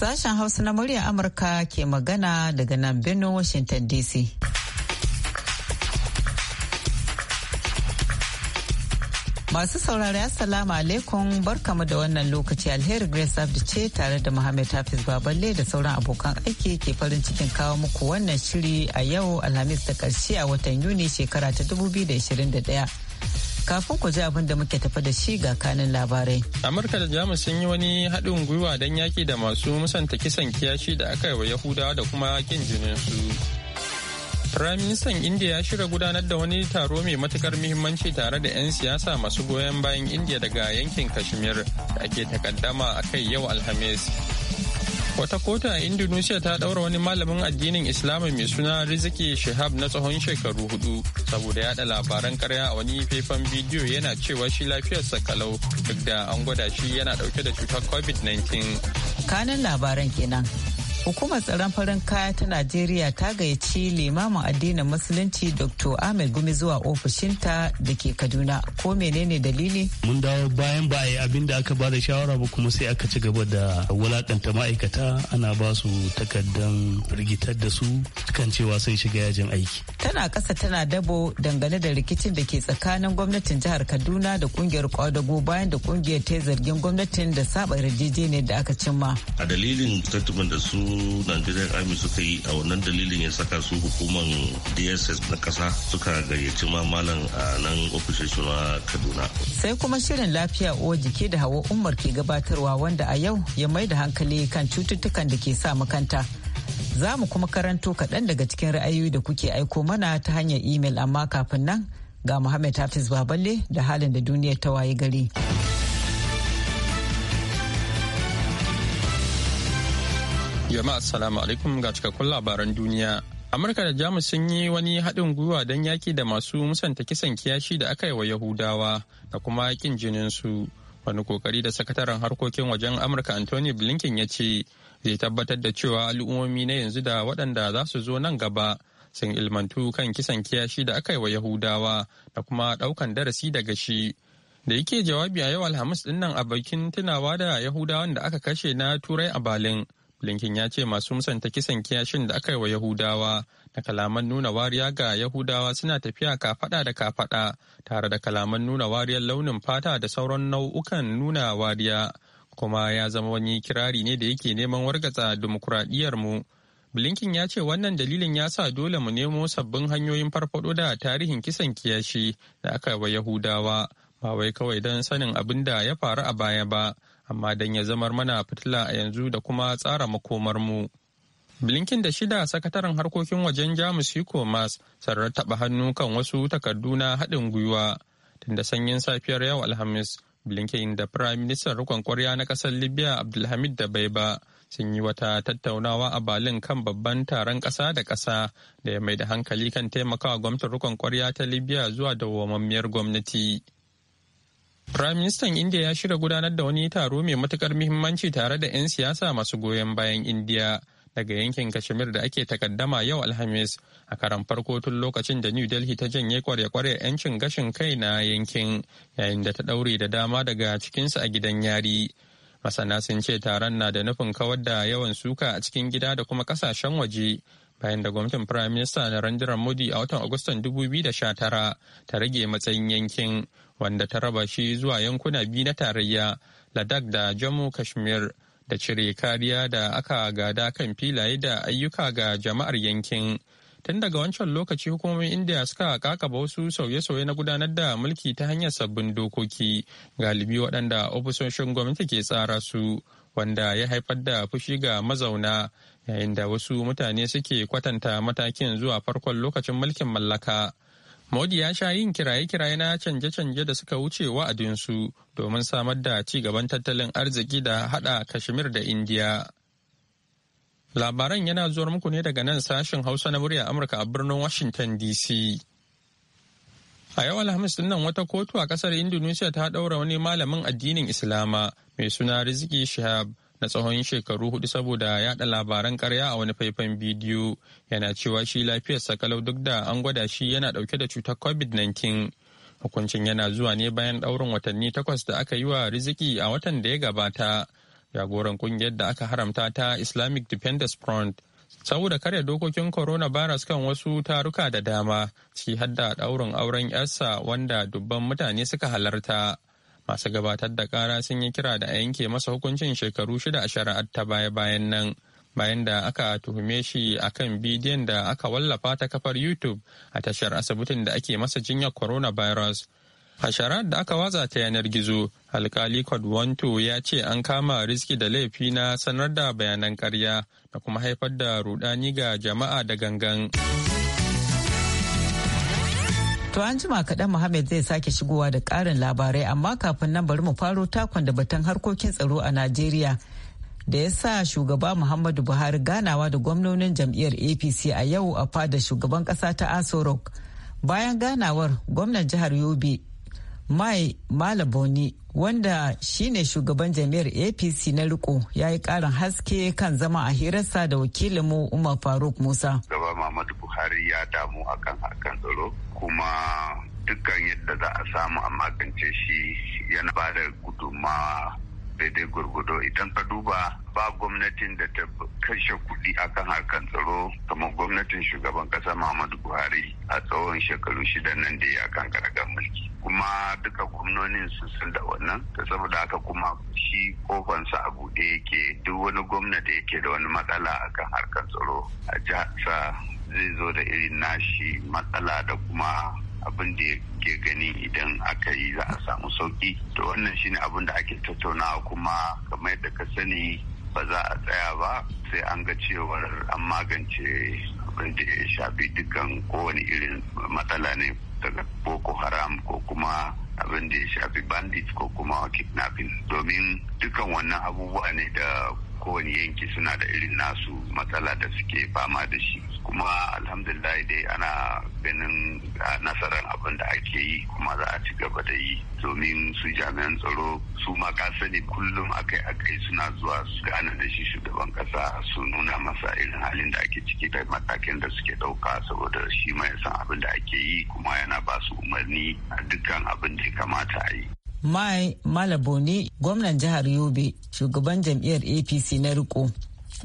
Sashen Hausa na murya Amurka ke magana daga nan beno Washington DC. Masu saurari Assalamu alaikum barkamu da wannan lokaci alheri Grace Abdi ce tare da Muhammad Hafiz Baballe da sauran abokan aiki ke farin cikin kawo muku wannan shiri a yau Alhamis da karshe a watan Yuni shekara ta 2021. kafin ku ji abin da muke tafa da shi ga kanin labarai. Amurka da Jamus sun yi wani haɗin gwiwa don yaƙi da masu musanta kisan kiyashi da aka yi wa Yahudawa da kuma kin jinin su. Firaministan Indiya ya shirya gudanar da wani taro mai matukar muhimmanci tare da 'yan siyasa masu goyon bayan Indiya daga yankin Kashmir da ake takaddama a kai yau Alhamis. wata kotu a indonesia ta daura wani malamin addinin islamu mai suna riziki shihab na tsawon shekaru hudu saboda yada labaran karya a wani faifan bidiyo yana cewa shi lafiyarsa kalau duk da an gwada shi yana dauke da cutar covid-19 kanan labaran kenan Hukumar tsaron farin kaya ta Najeriya ta gayyaci limamin addinin Musulunci Dr. Ahmed Gumi zuwa ofishinta da ke Kaduna. Ko menene dalili? Mun dawo bayan ba a abin da aka bada shawara ba kuma sai aka ci gaba da wulakanta ma'aikata ana ba su takardan rigitar da su kan cewa sun shiga yajin aiki. Tana ƙasa tana dabo dangane da rikicin da ke tsakanin gwamnatin jihar Kaduna da kungiyar kwadago bayan da kungiyar ta zargin gwamnatin da saba yarjejeniyar da aka cimma. A dalilin da su nigerian army suka yi a wannan dalilin ya saka su hukumar dss na kasa suka gayyaci malam a nan ofishin na kaduna sai kuma shirin lafiya uwa jiki da hawa umar ke gabatarwa wanda a yau ya mai da hankali kan cututtukan da ke sa makanta za mu kuma karanto kaɗan daga cikin ra'ayoyi da kuke aiko mana ta hanyar imel amma kafin nan ga Muhammad Hafiz Baballe da halin da duniyar ta waye gari. Jama'a assalamu alaikum ga cikakkun labaran duniya. Amurka da Jamus sun yi wani haɗin gwiwa don yaƙi da masu musanta kisan kiyashi da aka yi wa Yahudawa da kuma jinin su Wani kokari da sakataren harkokin wajen Amurka Anthony Blinken ya ce zai tabbatar da cewa al'ummomi na yanzu da waɗanda za su zo nan gaba sun ilmantu kan kisan kiyashi da aka yi wa Yahudawa da kuma ɗaukan darasi daga shi. Da yake jawabi a yau Alhamis ɗin nan a bakin tunawa da Yahudawan da aka kashe na Turai a Balin. Blinken ya ce masu musanta kisan kiyashin da aka yi wa Yahudawa da kalaman nuna wariya ga Yahudawa suna tafiya kafaɗa da kafaɗa tare da kalaman nuna wariyar launin fata da sauran nau'ukan nuna wariya kuma ya zama wani kirari ne da yake neman wargatsa mu Blinken ya ce wannan dalilin ya sa dole mu nemo sabbin hanyoyin farfaɗo da tarihin kisan kiyashi da aka yi wa Yahudawa ba wai kawai don sanin abin da ya faru a baya ba amma don ya zamar mana fitila a yanzu da kuma tsara makomar mu Blinken da shida sakataren harkokin wajen Jamus Hiko Mas sarar taɓa hannu kan wasu takardu na haɗin gwiwa tunda sanyin safiyar yau Alhamis. Blinken da Firayim Ministan Rukon kwarya na ƙasar Libya Abdulhamid da Baiba sun yi wata tattaunawa a balin kan babban taron ƙasa da ƙasa da ya mai da hankali kan taimakawa gwamnatin Rukon kwarya ta Libya zuwa dawwammamiyar gwamnati. Firaministan Indiya ya shirya gudanar da wani taro mai matukar muhimmanci tare da 'yan siyasa masu goyon bayan india daga yankin Kashmir da ake takaddama yau Alhamis a karan farko tun lokacin da New Delhi ta janye kware-kware 'yancin gashin kai na yankin yayin da ta ɗaure da dama daga cikinsu a gidan yari. Masana sun ce taron na da nufin kawar da yawan suka a cikin gida da kuma kasashen waje bayan da gwamnatin Prime Minister Narendra Modi a watan Agustan 2019 ta rage matsayin yankin wanda ta raba shi zuwa yankuna biyu na tarayya Ladakh da Jammu Kashmir da cire kariya da aka gada kan filaye da ayyuka ga jama'ar yankin. Tun daga wancan lokaci hukumomin India suka kakaba wasu sauye-sauye na gudanar da mulki ta hanyar sabbin dokoki galibi waɗanda ofisoshin gwamnati ke tsara su wanda ya haifar da fushi ga mazauna yayin da wasu mutane suke kwatanta matakin zuwa farkon lokacin mulkin mallaka. Modi ya sha yin kiraye-kiraye na canje-canje da suka wuce wa'adinsu domin samar da ci gaban tattalin arziki da hada Kashmir da Indiya. Labaran yana zuwar muku ne daga nan sashen Hausa na murya Amurka a birnin Washington DC. A yau Alhamis din wata kotu a kasar Indonesia ta daura wani malamin addinin Islama mai suna Rizki Shihab na tsawon shekaru hudu saboda yada labaran karya a wani faifan bidiyo yana cewa shi lafiyar sakalau duk da an gwada shi yana dauke da cutar covid-19 hukuncin yana zuwa ne bayan ɗaurin watanni takwas da aka yi wa riziki a watan da ya gabata jagoran kungiyar da aka haramta ta islamic defenders front saboda karya dokokin coronavirus kan wasu taruka da dama ciki har da daurin auren yarsa wanda dubban mutane suka halarta masu gabatar da kara sun yi kira da a yanke masa hukuncin shekaru shida a shari'ar ta baya-bayan nan bayan da aka tuhume shi kan bidiyon da aka wallafa ta kafar youtube a tashar asibitin da ake masa jinyar coronavirus a shari'ar da aka watsa ta yanar gizo alkali kwadwanto ya ce an kama riski da laifi na sanar da bayanan karya da kuma haifar da rudani ga jama'a da gangan. To an jima kaɗan Muhammad zai sake shigowa da ƙarin labarai amma kafin nan bari mu faro takon da batun harkokin tsaro a Najeriya da ya sa shugaba Muhammadu Buhari ganawa da gwamnonin jam'iyyar APC a yau a fada shugaban ƙasa ta Aso Rock. Bayan ganawar gwamnan jihar Yobe mai malaboni wanda shine shugaban jami'ar apc na riko ya yi karin haske kan zama a hirarsa da wakilinmu umar faruk musa gaba muhammadu buhari ya damu akan harkan tsaro kuma dukkan yadda za a samu a magance shi yana ba da guduma daidai gurgudo idan ka duba ba gwamnatin da ta kashe kuɗi akan harkan tsaro kamar gwamnatin shugaban ƙasa mamadu buhari a tsawon shekaru shida nan da ya kan kuma duka gwamnonin su sun da wannan ta saboda haka kuma shi kofansa a buɗe yake duk wani gwamna da yake da wani matsala akan harkar tsaro a jiharsa zai zo da irin nashi matsala da kuma abin da ke gani idan aka yi za a samu sauki to wannan shine abin da ake tattaunawa kuma kamar yadda ka sani ba za a tsaya ba sai an ga cewar an magance abin da ya shafi dukkan kowane irin matsala ne daga boko haram ko kuma abin da ya shafi bandit ko kuma kidnapping domin dukan wannan abubuwa ne da kowane yanki suna da irin nasu matsala da suke fama da shi kuma alhamdulillah dai ana ganin nasarar abin da ake yi kuma za a ci gaba da yi domin su jami'an tsaro su ma ka sani kullum akai akai suna zuwa su gane da shi shugaban kasa su nuna masa irin halin da ake ciki da matakin da suke dauka saboda shi ma ya san abin da ake yi kuma yana ba su umarni a dukkan abin da ya kamata a yi. Mai Malaboni, gwamnan jihar Yobe, shugaban jam'iyyar APC na riko,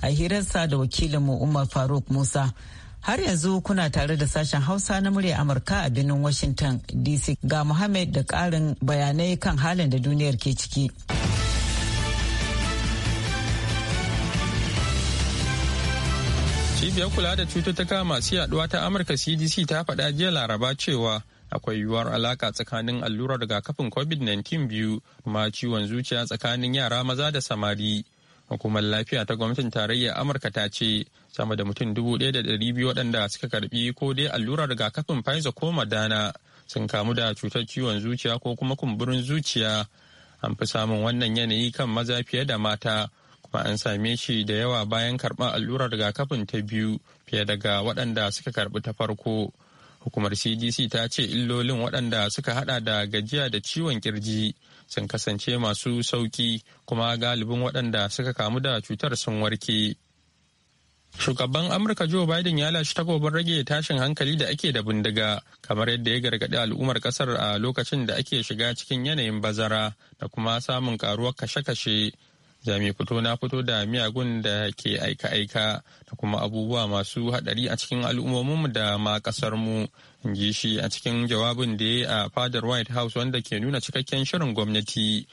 a hirarsa da wakilinmu Umar Faruk Musa. Har yanzu kuna tare da sashen Hausa na murya Amurka a birnin Washington DC ga Muhammad da ƙarin bayanai kan halin da duniyar ke ciki. Cibiyar kula da cututtuka masu yaduwa ta Amurka CDC ta faɗa jiya Laraba cewa akwai yiwuwar alaka tsakanin allurar rigakafin covid-19 biyu kuma ciwon zuciya tsakanin yara maza da samari hukumar lafiya ta gwamnatin tarayya amurka ta ce sama da mutum dubu ɗaya da ɗari biyu waɗanda suka karbi ko dai allurar rigakafin pfizer ko madana sun kamu da cutar ciwon zuciya ko kuma kumburin zuciya an fi samun wannan yanayi kan maza fiye da mata kuma an same shi da yawa bayan karɓar allurar rigakafin ta biyu fiye daga waɗanda suka karɓi ta farko Hukumar CDC ta ce illolin waɗanda suka hada da gajiya da ciwon kirji sun kasance masu sauki kuma galibin waɗanda suka kamu da cutar sun warke. Shugaban Amurka Joe Biden ya lashe takobin rage tashin hankali da ake da bindiga, kamar yadda ya gargaɗi al'ummar ƙasar a lokacin da ake shiga cikin yanayin bazara da kuma samun ƙaruwar kashe-kashe za fito na fito da miyagun da ke aika-aika da kuma abubuwa masu haɗari a cikin al'ummominmu da ma kasarmu in ji shi a cikin jawabin da ya a fadar white house wanda ke nuna cikakken shirin gwamnati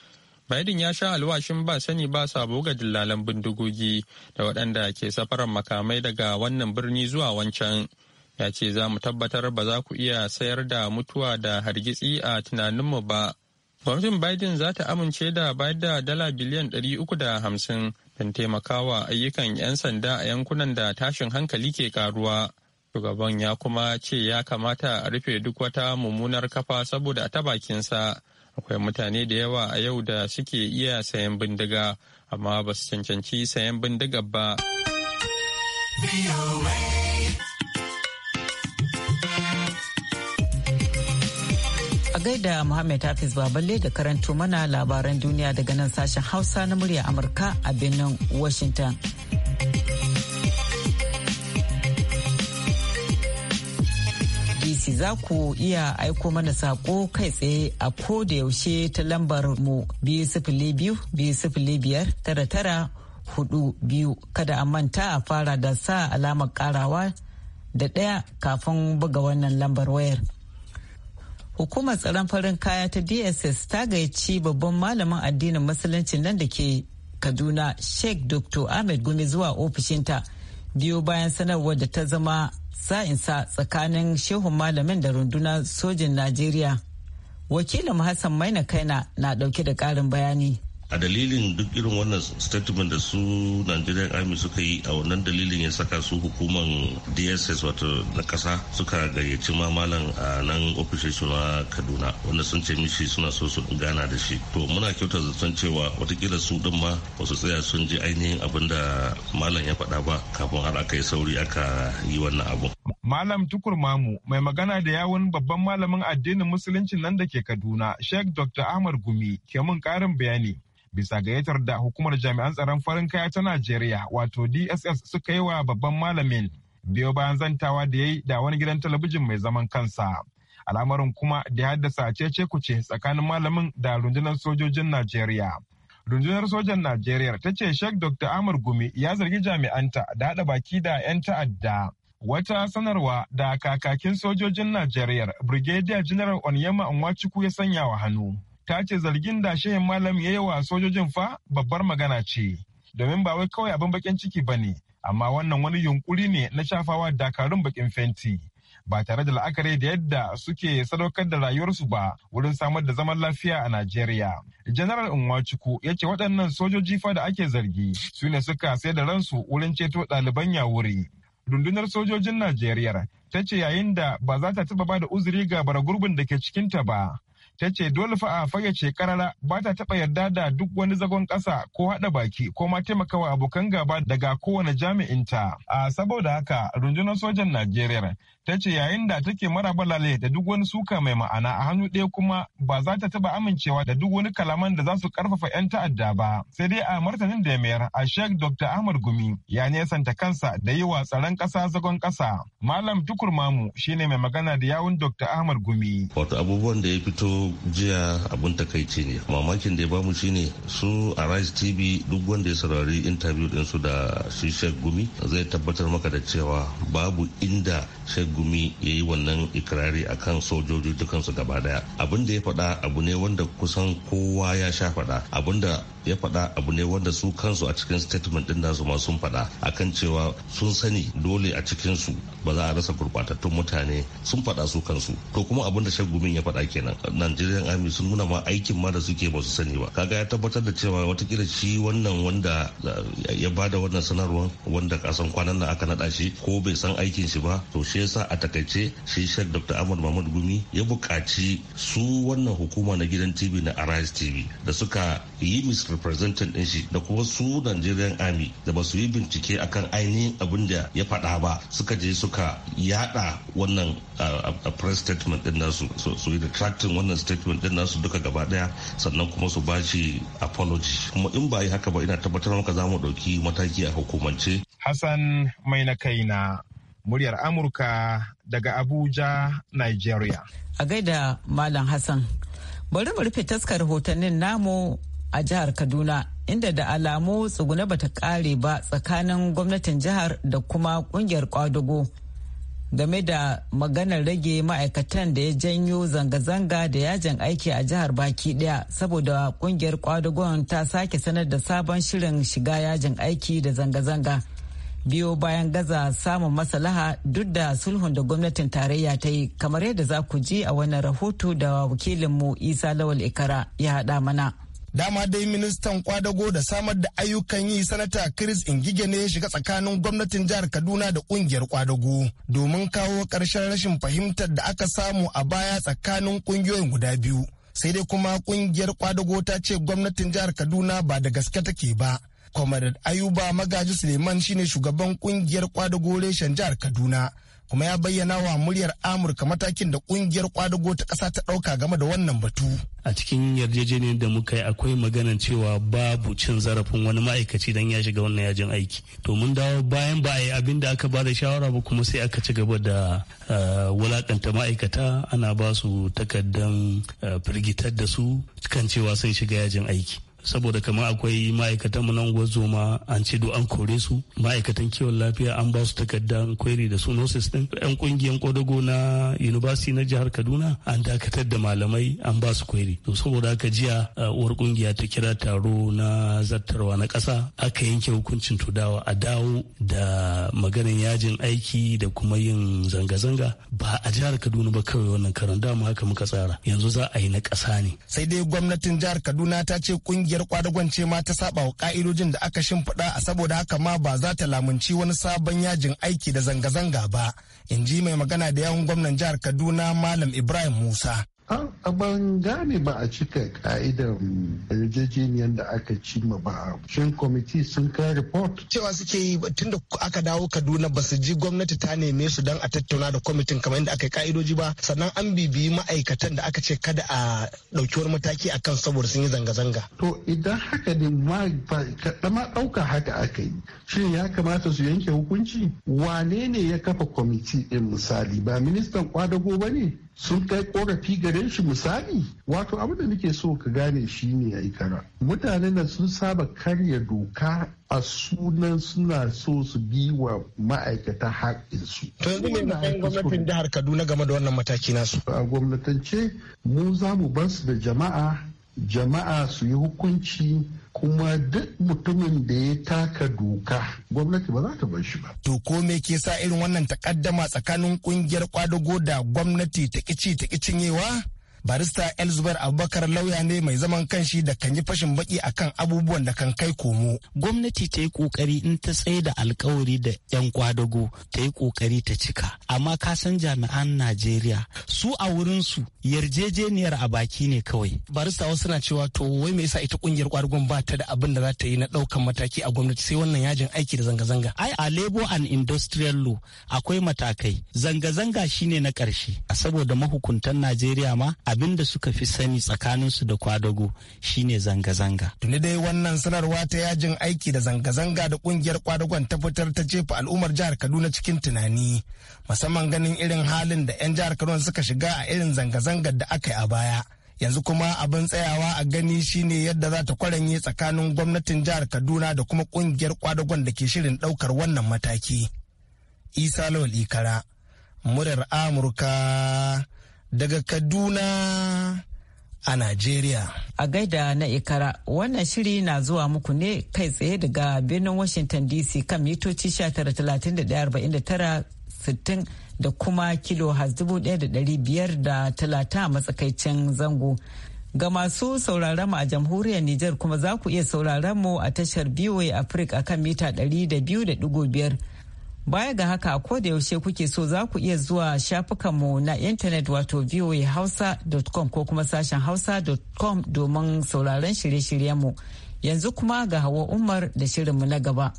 biden ya sha alwashin ba sani ba sabo ga dillalan bindigogi da waɗanda ke safarar makamai daga wannan birni zuwa wancan ya ce za mu tabbatar ba za ku iya sayar da mutuwa da hargitsi a tunaninmu ba Gwamnatin Biden za ta amince da bayar da dala biliyan 350 don taimakawa ayyukan 'yan sanda a yankunan da tashin hankali ke karuwa. Shugaban ya kuma ce ya kamata a rufe duk wata mummunar kafa saboda a ta bakinsa akwai mutane da yawa a yau da suke iya sayan bindiga amma ba su cancanci sayan bindiga ba. gaida Muhammad Hafiz Baballe da karanto mana labaran duniya daga nan sashen Hausa na murya Amurka a birnin Washington. DC za ku iya aiko mana saƙo kai tsaye a ko da yaushe ta lambar mu biyu sifili biyu biyu sifili biyar tara tara hudu biyu kada a manta a fara da sa alamar karawa da ɗaya kafin buga wannan lambar wayar. hukumar tsaron farin kaya ta dss ta gayyaci babban malamin addinin musulunci nan da ke kaduna sheikh dr ahmed gumi zuwa ofishinta biyo bayan sanarwar da ta zama sa'insa tsakanin shehun malamin da runduna sojin najeriya wakilin hassan maina kaina na dauke da karin bayani a dalilin duk irin wannan statement da su nigerian army suka yi a wannan dalilin ya saka su hukuman dss wato na kasa suka gayyaci mamalan a nan ofishin na kaduna wanda sun ce mishi suna so su gana da shi to muna kyauta zaton cewa watakila su din ma ba su tsaya sun ji ainihin abin da malam ya faɗa ba kafin har aka yi sauri aka yi wannan abu malam tukur mamu mai magana da yawun babban malamin addinin musulunci nan da ke kaduna sheikh dr ahmad gumi ke mun karin bayani bisa gayyatar da hukumar jami'an tsaron farin kaya ta Najeriya wato DSS suka yi wa babban malamin biyo bayan zantawa da ya yi da wani gidan talabijin mai zaman kansa. Al'amarin kuma da haddasa cece ce tsakanin malamin da rundunar sojojin Najeriya. Rundunar sojan Najeriya ta ce Sheikh Dr. Amar Gumi ya zargi jami'anta da haɗa baki da 'yan ta'adda. Wata sanarwa da kakakin sojojin Najeriya Brigadier General Onyema Nwachukwu ya sanya wa hannu. ta ce zargin da shehin malam ya yi wa sojojin fa babbar magana ce domin ba wai kawai abin bakin ciki ba ne amma wannan wani yunkuri ne na shafawa dakarun bakin fenti ba tare da la'akari da yadda suke sadaukar da rayuwarsu ba wurin samar da zaman lafiya a Najeriya. General Nwachukwu ya ce waɗannan sojoji fa da ake zargi su ne suka sai da ransu wurin ceto ɗaliban yawuri. Rundunar sojojin Najeriya ta ce yayin da ba za ta taɓa ba da uzuri ga bara gurbin da ke cikinta ba. ta ce dole fa a fayyace karara ba ta taɓa yarda da duk wani zagon ƙasa ko haɗa baki ko ma taimakawa abokan gaba daga kowane jami'inta. A saboda haka rundunar sojan Najeriya ta ce yayin da take marabalale da duk wani suka mai ma'ana a hannu ɗaya kuma ba za ta taba amincewa da duk wani kalaman da za su karfafa 'yan ta'adda ba sai dai a martanin da ya mayar a sheik dr ahmad gumi ya nesanta kansa da yi wa tsaron ƙasa zagon ƙasa malam tukur mamu shine mai magana da yawun dr ahmad gumi wato abubuwan da ya fito jiya abun takaici ne mamakin da ya bamu shine su a rise tv duk wanda ya saurari interview ɗinsu da shi sheik gumi zai tabbatar maka da cewa babu inda sheik gumi ya yi wannan ikirari a kan sojoji dukansu gaba daya abin da ya faɗa abu ne wanda kusan kowa ya sha faɗa abin da ya faɗa abu ne wanda su kansu a cikin statement din nasu ma sun faɗa akan cewa sun sani dole a cikin su ba za a rasa gurbatattun mutane sun faɗa su kansu to kuma abin da shagumin ya faɗa kenan Nigerian Army sun nuna ma aikin ma da suke ba su sani ba kaga ya tabbatar da cewa watakila shi wannan wanda eh, ya bada wannan sanarwar wanda kasan kwanan nan aka naɗa shi ko bai san aikin shi ba to shi yasa a takaice shi shek Dr. Ahmad Mahmud Gumi ya buƙaci su wannan hukuma na gidan TV na Arise TV da suka yi mis representant din shi da kuma su Nigerian Army da ba su yi bincike akan ainihin abin da ya faɗa ba suka je suka yada wannan uh, a press statement din nasu su yi retracting wannan statement din nasu duka gaba daya sannan kuma su ba shi apology kuma in ba yi haka ba ina tabbatar maka za mu ɗauki mataki a hukumance. Hassan mai na kaina muryar Amurka daga Abuja, Nigeria. A gaida Malam Hassan, bari mu rufe taskar rahotannin namu a jihar Kaduna inda da alamu tsuguna bata kare ba tsakanin gwamnatin jihar da kuma kungiyar kwadugo game da maganar rage ma'aikatan da ya janyo zanga-zanga da yajin aiki a jihar baki daya saboda kungiyar kwadugon ta sake sanar da sabon shirin shiga yajin aiki da zanga-zanga biyo bayan gaza samun maslaha duk da sulhun da gwamnatin tarayya ta yi kamar yadda za ku ji a wannan rahoto da wakilinmu isa lawal ikara ya haɗa mana. dama dai ministan kwadago da samar da ayyukan yi sanata chris ingige ne ya shiga tsakanin gwamnatin jihar kaduna da kungiyar kwadago domin kawo ƙarshen rashin fahimtar da aka samu a baya tsakanin kungiyoyin guda biyu sai dai kuma kungiyar kwadago ta ce gwamnatin jihar kaduna ba da gaske take ba comrade ayuba magaji suleiman shine shugaban kungiyar kwadago reshen jihar kaduna kuma ya bayyana wa muryar amurka matakin da kungiyar kwadago ta kasa ta ɗauka game da wannan batu a cikin yarjejeniyar da muka yi akwai maganan cewa babu cin zarafin wani ma'aikaci don ya shiga wannan yajin aiki to mun dawo bayan ba a yi abin da aka ba da shawara ba kuma sai aka ci gaba da eh, wulakanta ma'aikata ana ba su takardan eh, firgitar da su kan cewa sun shiga yajin aiki saboda kamar akwai ma'aikatan mu nan zoma an ce do an kore su ma'aikatan kiwon lafiya an ba su takardar kwairi da su nurses din yan kungiyan kodago na university na jihar kaduna an dakatar da malamai an ba su kweri to saboda haka jiya uh, uwar kungiya ta kira taro na zartarwa na kasa aka yanke hukuncin tudawa a dawo da maganin yajin aiki da kuma yin zanga-zanga ba a jihar kaduna ba kawai wannan karan dama haka muka tsara yanzu za a yi na kasa ne sai dai gwamnatin jihar kaduna ta ce kungiya kungiyar kwadagon ce ma ta saba wa ka'idojin da aka shimfiɗa a saboda haka ma ba za ta lamunci wani sabon yajin aiki da zanga-zanga ba in ji mai magana da yawun gwamnan jihar kaduna malam ibrahim musa a ban gane ba a cika ka'idar yarjejeniyar da aka ci ma ba shin kwamiti sun kai report cewa suke yi tun da aka dawo kaduna ba su ji gwamnati ta neme su don a tattauna da kwamitin kamar yadda aka yi ka'idoji ba sannan an bibiyi ma'aikatan da aka ce kada a ɗauki mataki a kan saboda sun yi zanga-zanga to idan haka ne ma ma ɗauka haka aka yi shin ya kamata su yanke hukunci wane ne ya kafa kwamiti ɗin misali ba ministan kwadago ba ne sun kai korafi gare shi misali wato abin da nake so ka gane shi ne a ikara mutanen na sun saba karya doka a sunan suna so su bi wa ma'aikata haƙinsu. To yanzu ne matsayin gwamnatin jihar Kaduna game da wannan mataki nasu. A gwamnatance mu za mu bar su da jama'a jama'a su yi hukunci kuma duk mutumin da ya taka doka gwamnati ba za ta bar shi ba. To ko me ke sa irin wannan takaddama tsakanin kungiyar kwadago da gwamnati ta kici ta cinyewa? barista Elizabeth abubakar lauya ne mai zaman kanshi da kan yi fashin baki akan abubuwan da kan kai komo gwamnati ta yi kokari in ta tsaye da alkawari da yan kwadago ta yi kokari ta cika amma ka san jami'an najeriya su a wurin su yarjejeniyar a baki ne kawai barista wasu na cewa to wai me yasa ita kungiyar kwadagon ba ta da abin da za ta yi na daukan mataki a gwamnati sai wannan yajin aiki da zanga-zanga ai a labor and industrial law akwai matakai zanga-zanga shine na karshe saboda mahukuntan najeriya ma abin da suka fi sani tsakaninsu da kwadago shine zanga-zanga. Tuni dai wannan sanarwa ta yajin aiki da zanga-zanga da kungiyar kwadagon ta fitar ta jefa al'ummar jihar Kaduna cikin tunani musamman ganin irin halin da 'yan jihar Kaduna suka shiga a irin zanga-zangar da aka yi a baya. yanzu kuma abin tsayawa a gani shine yadda za ta kwaranye tsakanin gwamnatin jihar kaduna da kuma kungiyar kwadagon da ke shirin ɗaukar wannan mataki isa lawal ikara murar amurka daga Kaduna a Najeriya. A gaida na Ikara, wannan shiri na zuwa muku ne kai tsaye daga birnin Washington DC kan mitoci 19,39,49 sittin da kuma kilo talata a matsakaicin zango. Ga masu sauraron mu a jamhuriyar Nijar kuma za ku iya sauraron mu a tashar BOA Africa akan mita 200.5. Baya ga haka ko da yaushe kuke so za ku iya zuwa shafukanmu na intanet wato voahausa.com ko kuma sashen hausa.com domin sauraron shirye-shiryenmu. Yanzu kuma ga hawa Umar da shirinmu na gaba.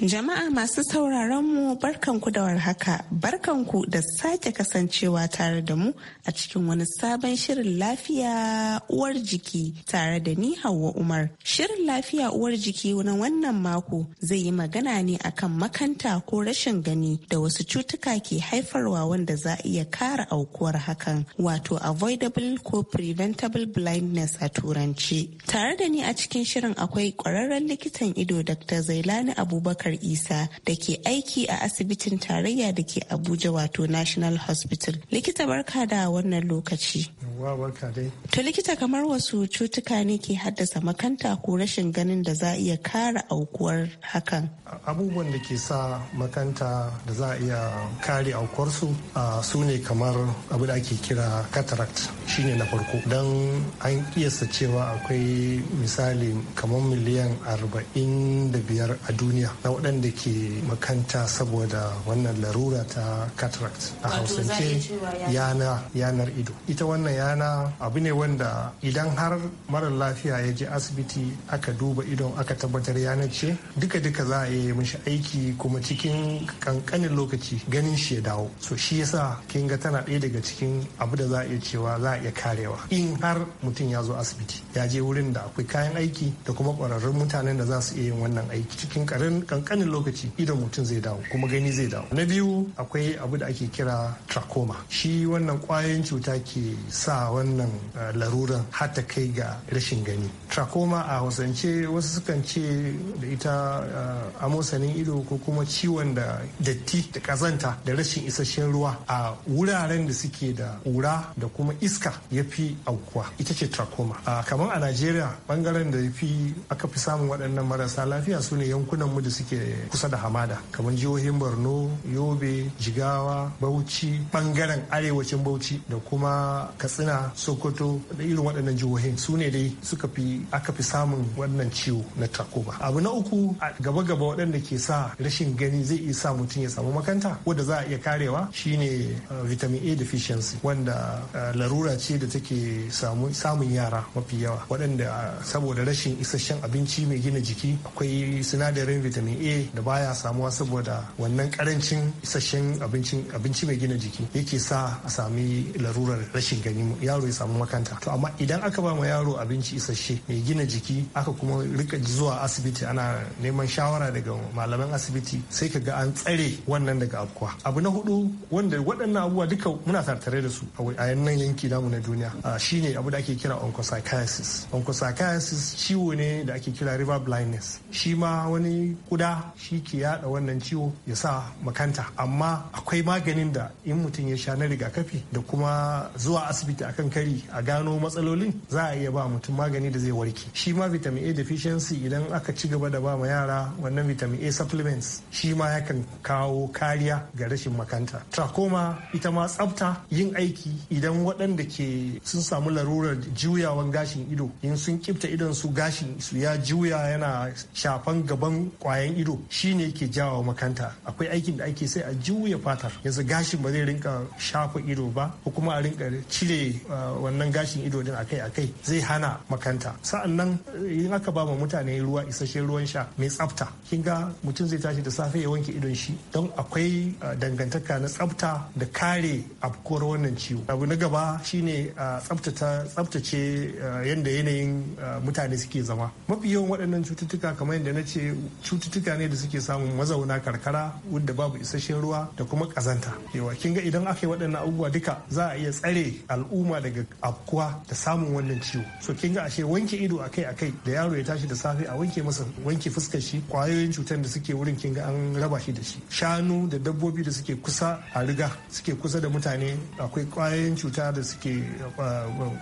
Jama'a masu sauraron mu barkanku da warhaka, ku da sake kasancewa tare da mu a cikin wani sabon shirin lafiya uwar jiki tare da ni Hauwa Umar. Shirin lafiya uwar jiki na wannan mako zai yi magana ne akan makanta ko rashin gani da wasu cutuka ke haifarwa wanda za a iya kara aukuwar hakan wato avoidable ko preventable blindness a turanci. Tare da ni a cikin shirin akwai kwararren likitan ido Dr. Zailani Abubakar abubakar isa da ke aiki a asibitin tarayya da ke abuja wato national hospital likita barka da wannan lokaci to likita kamar wasu cutuka ne ke haddasa makanta ko rashin ganin da za a iya kara aukuwar hakan abubuwan da ke sa makanta da za a iya kare aukuwarsu su ne kamar abu da ake kira cataract shine na farko don an kiyasta cewa akwai misali kamar miliyan arba'in da biyar a duniya na waɗanda ke makanta saboda wannan larura ta cataract a hausance yana yanar ido ita wannan yana abu ne wanda idan har marar lafiya ya je asibiti aka duba idon aka tabbatar yanar ce duka-duka za a yi mishi aiki kuma cikin kankanin lokaci ganin shi ya dawo so shi yasa kin ga tana ɗaya daga cikin abu da za a iya cewa za a iya karewa in har mutum ya zo asibiti ya je wurin da akwai kayan aiki da kuma ƙwararrun mutanen da za su iya yin wannan aiki cikin kankanin lokaci idan mutum zai dawo kuma gani zai dawo na biyu akwai abu da ake kira trachoma shi wannan kwayoyin cuta ke sa wannan eh, laruran har ta kai ga rashin gani trachoma a hausance wasu sukan ce da ita eh, motsanin ido ko kuma ciwon da datti da kazanta da rashin isasshen ruwa a wuraren da suke da ƙura da kuma iska ya fi aukuwa ita ce trachoma kamar a najeriya bangaren da ya fi aka fi samun waɗannan marasa lafiya su ne yankunan mu da suke suke kusa da hamada kamar jihohin borno yobe jigawa bauchi bangaren arewacin bauchi da kuma katsina sokoto da irin waɗannan jihohin su ne dai suka fi aka fi samun wannan ciwo na takoba abu na uku a gaba gaba waɗanda ke sa rashin gani zai iya sa mutum ya samu makanta wanda za a iya karewa shine uh, vitamin a deficiency wanda uh, larura ce da take samun yara mafi yawa waɗanda uh, saboda rashin isasshen abinci mai gina jiki akwai sinadarin vitamin a NPA e da baya samuwa saboda wannan karancin isasshen abinci mai gina jiki yake sa a sami larurar rashin gani yaro ya samu makanta to amma idan aka ba ma yaro abinci isasshe mai gina jiki aka kuma rika zuwa asibiti ana neman shawara daga malaman asibiti sai ka ga an tsare wannan daga afkuwa abu na hudu wanda waɗannan abubuwa duka muna tattare da su a yanayin yanki namu na duniya shine abu da ake kira onchocerciasis onchocerciasis ciwo ne da ake kira river blindness shi ma wani kuda shi ke yada wannan ciwo ya sa makanta amma akwai maganin da in mutum ya sha na rigakafi da kuma zuwa asibiti akan kari a gano matsalolin za a iya ba mutum magani da zai warke shi ma vitamin a deficiency idan aka ci gaba da ba ma yara wannan vitamin a supplements shi ma yakan kawo kariya ga rashin makanta trachoma ita ma tsafta yin aiki idan waɗanda ke sun samu larurar juyawan gashin ido in sun kifta idon su gashin su ya juya yana shafan gaban kwayan ido ido shi ne ke jawo makanta akwai aikin da ake sai a juya fatar yanzu gashin ba zai rinka shafa ido ba ko kuma a rinka cire uh, wannan gashin ido din akai akai zai hana makanta sa'an nan eh, in aka ba mutane ruwa isasshen ruwan sha mai tsafta kin ga mutum zai tashi da safe ya wanke idon shi don akwai uh, dangantaka na tsafta da kare afkuwar wannan ciwo abu na gaba shine uh, tsaftace yadda yanayin mutane suke zama mafi yawan waɗannan cututtuka kamar yadda na ce cututtuka mutane da suke samun mazauna karkara wadda babu isasshen ruwa da kuma kazanta yawa kin ga idan aka yi waɗannan abubuwa duka za a iya tsare al'umma daga afkuwa da samun wannan ciwo so kin ga ashe wanke ido akai akai da yaro ya tashi da safe a wanke masa wanke fuskar shi kwayoyin cutar da suke wurin kin ga an raba shi da shi shanu da dabbobi da suke kusa a riga suke kusa da mutane akwai kwayoyin cuta da suke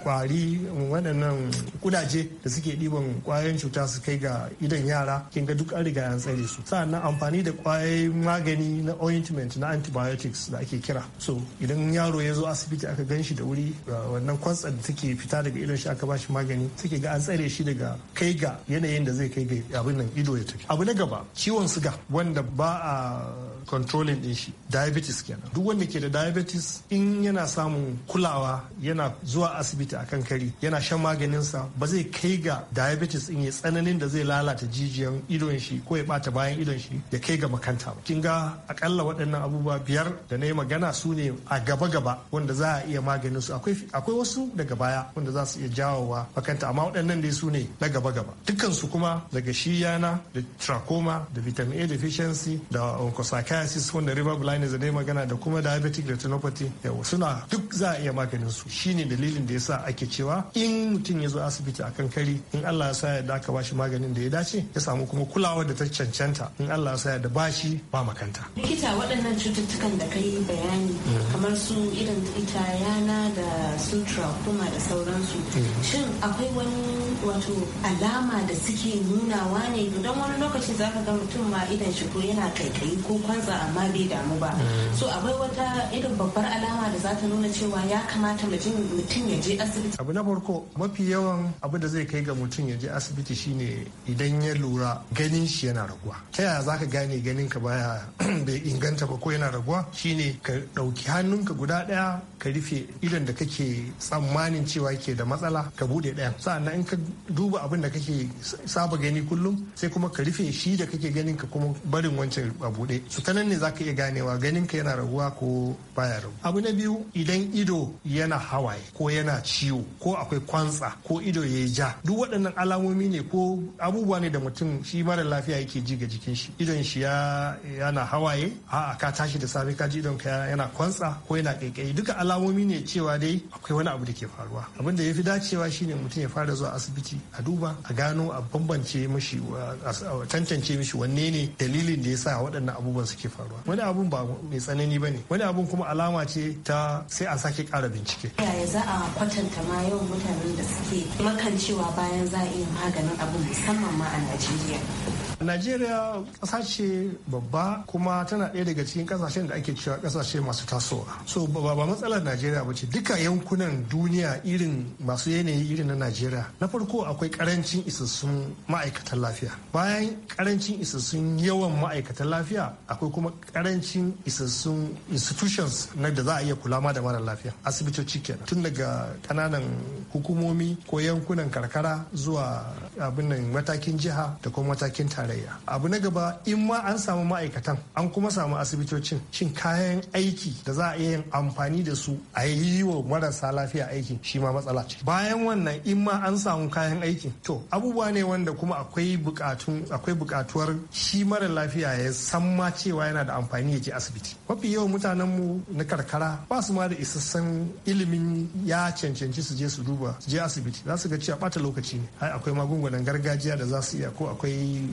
kwari eh, waɗannan kudaje da suke ɗiban kwayoyin cuta su kai ga idan yara kin ga duk an riga an gare su amfani da kwayoyin magani na ointment na antibiotics da ake kira so idan yaro ya zo asibiti aka gan shi da wuri wannan kwatsar da take fita daga idon shi aka bashi magani take ga an tsare shi daga kai ga yanayin da zai kai ga abin nan ido ya tafi abu na gaba ciwon suga wanda ba a controlling din shi diabetes kenan duk wanda ke da diabetes in yana samun kulawa yana zuwa asibiti akan kari yana shan maganin sa ba zai kai ga diabetes in ya tsananin da zai lalata jijiyan idon shi ko ya ɓata. ta bayan idon shi ya kai ga makanta ba kin ga akalla waɗannan abubuwa biyar da na yi magana su ne a gaba gaba wanda za a iya maganin su akwai wasu daga baya wanda za su iya jawowa makanta amma waɗannan dai su ne na gaba gaba dukkan kuma daga shi yana da trachoma da vitamin A deficiency da onchocerciasis wanda river blindness da na yi magana da kuma diabetic retinopathy yawa suna duk za a iya maganin su ne dalilin da ya yasa ake cewa in mutum ya zo asibiti akan kari in Allah ya sa ya da aka bashi maganin da ya dace ya samu kuma kulawa da ta cancanta in Allah sa da bashi ba makanta. Likita waɗannan cututtukan da kai bayani mm. kamar su irin ita yana da sutra kuma da sauransu mm. shin akwai wani wato alama da suke nunawa ne don wani lokaci za ka ga mutum ma idan shi ko yana kaikayi ko kwanza amma bai damu ba mm. so akwai wata irin babbar alama da za ta nuna cewa ya kamata mutum ya je asibiti abu na farko mafi yawan abu da zai kai ga mutum ya je asibiti shine idan ya lura ganin shi yana rabu raguwa ta yaya za ka gane ganin ka baya bai inganta ba ko yana raguwa shine ka ɗauki hannunka guda ɗaya ka rufe idon da kake tsammanin cewa ke da matsala ka buɗe ɗaya sa'annan in ka duba abin da kake saba gani kullum sai kuma ka rufe shi da kake ganin ka kuma barin wancan a buɗe su ta nan ne ka iya ganewa ganin ka yana raguwa ko baya raguwa abu na biyu idan ido yana hawaye ko yana ciwo ko akwai kwantsa ko ido ya ja duk waɗannan alamomi ne ko abubuwa ne da mutum shi mara lafiya yake ji ji ga jikin shi idon shi ya yana hawaye a'a ka tashi da safe ka ji idon ka yana kwantsa ko yana kaikayi duka alamomi ne cewa dai akwai wani abu da ke faruwa abin da ya fi dacewa shine mutum ya fara zuwa asibiti a duba a gano a bambance mishi a tantance mishi wanne ne dalilin da ya sa waɗannan abubuwan suke faruwa wani abun ba mai tsanani ba ne wani abun kuma alama ce ta sai a sake kara bincike yaya za a kwatanta ma yawan mutanen da suke makancewa bayan za a iya maganin abu musamman ma a najeriya Najeriya ƙasa ce babba kuma tana ɗaya daga cikin ƙasashen da ake cewa ƙasashe masu tasowa. So ba matsalar Najeriya ba ce duka yankunan duniya irin masu yanayi irin na Najeriya. Na farko akwai ƙarancin isassun ma'aikatan lafiya. Bayan ƙarancin isassun yawan ma'aikatan lafiya akwai kuma ƙarancin isassun institutions na da za a iya kula ma da mara lafiya. Asibitoci kenan tun daga ƙananan hukumomi ko yankunan karkara zuwa abin nan matakin jiha da kuma matakin tare. tarayya abu na gaba in ma an samu ma'aikatan an kuma samu asibitocin shin kayan aiki da za a iya amfani da su a yi wa marasa lafiya aiki shi ma matsala ce bayan wannan in ma an samu kayan aiki to abubuwa ne wanda kuma akwai bukatun akwai bukatuwar shi mara lafiya ya san ma cewa yana da amfani ya je asibiti mafi yawan mutanen mu na karkara ba su ma da isassan ilimin ya cancanci su je su duba su je asibiti za su ga cewa bata lokaci ne akwai magungunan gargajiya da za su iya ko akwai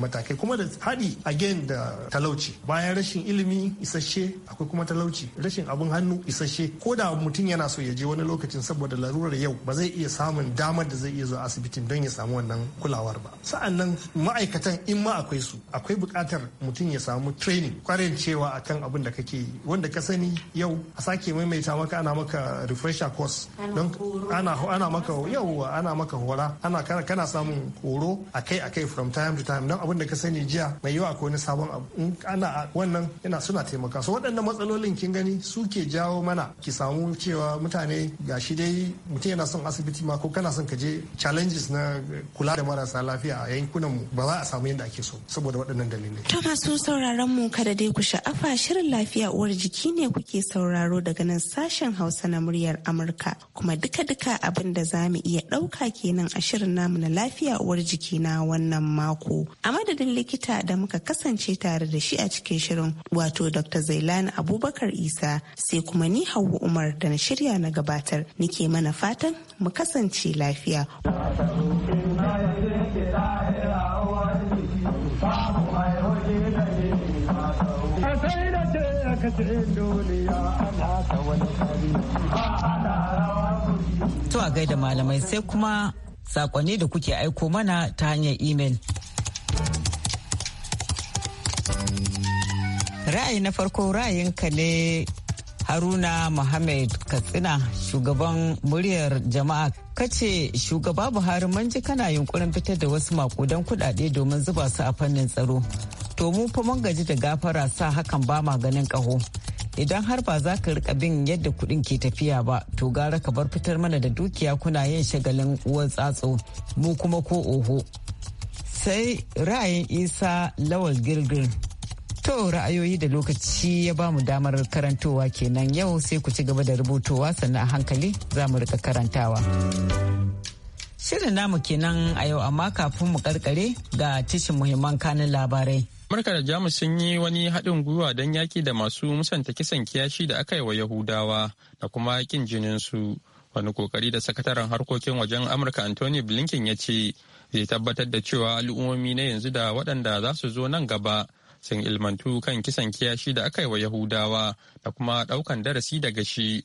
matakai kuma da haɗi a again da talauci bayan rashin ilimi isasshe akwai kuma talauci rashin abin hannu isasshe ko da mutum yana so ya je wani lokacin saboda larurar yau ba zai iya samun damar da zai iya zuwa asibitin don ya samu wannan kulawar ba sa'annan ma'aikatan in ma akwai su akwai buƙatar mutum ya samu training kwarin cewa akan abin da kake yi wanda ka sani yau a sake maimaita maka ana maka refresher course don ana maka yau ana maka hora ana kana samun horo akai akai from time to time nan abin da ka sani jiya mai yawa ko wani sabon abu in ana wannan yana suna taimaka so waɗannan matsalolin kin gani suke jawo mana ki samu cewa mutane gashi dai mutum yana son asibiti ma ko kana son ka je challenges na kula da marasa lafiya a yankunan mu ba za a samu yadda ake so saboda waɗannan dalilai. To masu sauraron mu kada dai ku sha'afa shirin lafiya uwar jiki ne kuke sauraro daga nan sashen Hausa na muryar Amurka kuma duka-duka abin da za mu iya ɗauka kenan a shirin namu na lafiya uwar jiki na wannan mako. a madadin likita da muka kasance tare da shi a cikin shirin wato dr zailani abubakar isa sai kuma ni hawa umar da na shirya na gabatar nike mana fatan mu kasance lafiya To a gaida malamai sai kuma sakonni da kuke aiko mana ta hanyar imel. ra'ayi na farko ra'ayinka ne haruna mohammed katsina shugaban muryar jama'a kace shugaba buhari mun ji kana yunkurin fitar da wasu makudan kudade domin zuba su a fannin tsaro to mu fa mun gaji da gafara sa hakan ba ma ganin kaho idan har ba za ka rika bin yadda kudin ke tafiya ba to gara ka bar fitar mana da dukiya kuna yin shagalin uwar tsatso mu kuma ko oho sai ra'ayin isa lawal girgir To ra'ayoyi da lokaci ya ba mu damar karantowa kenan yau sai ku ci gaba da rubutowa sannan a hankali za mu rika karantawa. Shirin namu kenan a yau amma kafin mu karkare ga tishin muhimman kanin labarai. Amurka da Jamus sun yi wani haɗin gwiwa don yaki da masu musanta kisan kiyashi da aka yi wa Yahudawa da kuma jinin su Wani kokari da sakataren harkokin wajen Amurka Anthony Blinken ya ce zai tabbatar da cewa al'ummomi na yanzu da waɗanda za su zo nan gaba sun ilmantu kan kisan kiyashi da aka yi wa Yahudawa da kuma ɗaukan darasi daga shi.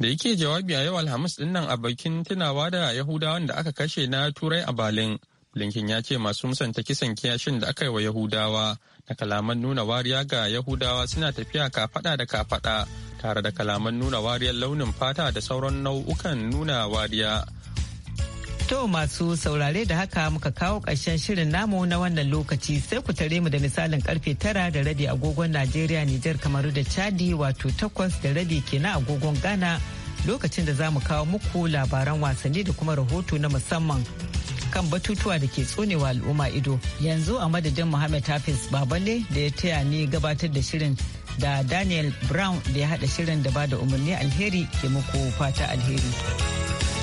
Da yake jawabi a yau Alhamis ɗin nan a bakin tunawa da Yahudawan da aka kashe na Turai a Balin. Blinken ya ce masu musanta kisan kiyashin da aka yi wa Yahudawa da kalaman nuna wariya ga Yahudawa suna tafiya kafaɗa da kafaɗa tare da kalaman nuna wariyar launin fata da sauran nau'ukan nuna wariya. To masu saurare da haka muka kawo karshen shirin namu na wannan lokaci sai ku tare mu da misalin karfe tara da rabi agogon Najeriya, Nijar, Kamaru da Chadi wato takwas da rabi kenan agogon Ghana lokacin da za mu kawo muku labaran wasanni da kuma rahoto na musamman kan batutuwa da ke tsonewa al'umma ido. Yanzu a madadin Muhammad Hafiz Babale da ya taya ni gabatar da shirin da Daniel Brown da ya haɗa shirin da ba da umarni alheri ke muku fata alheri.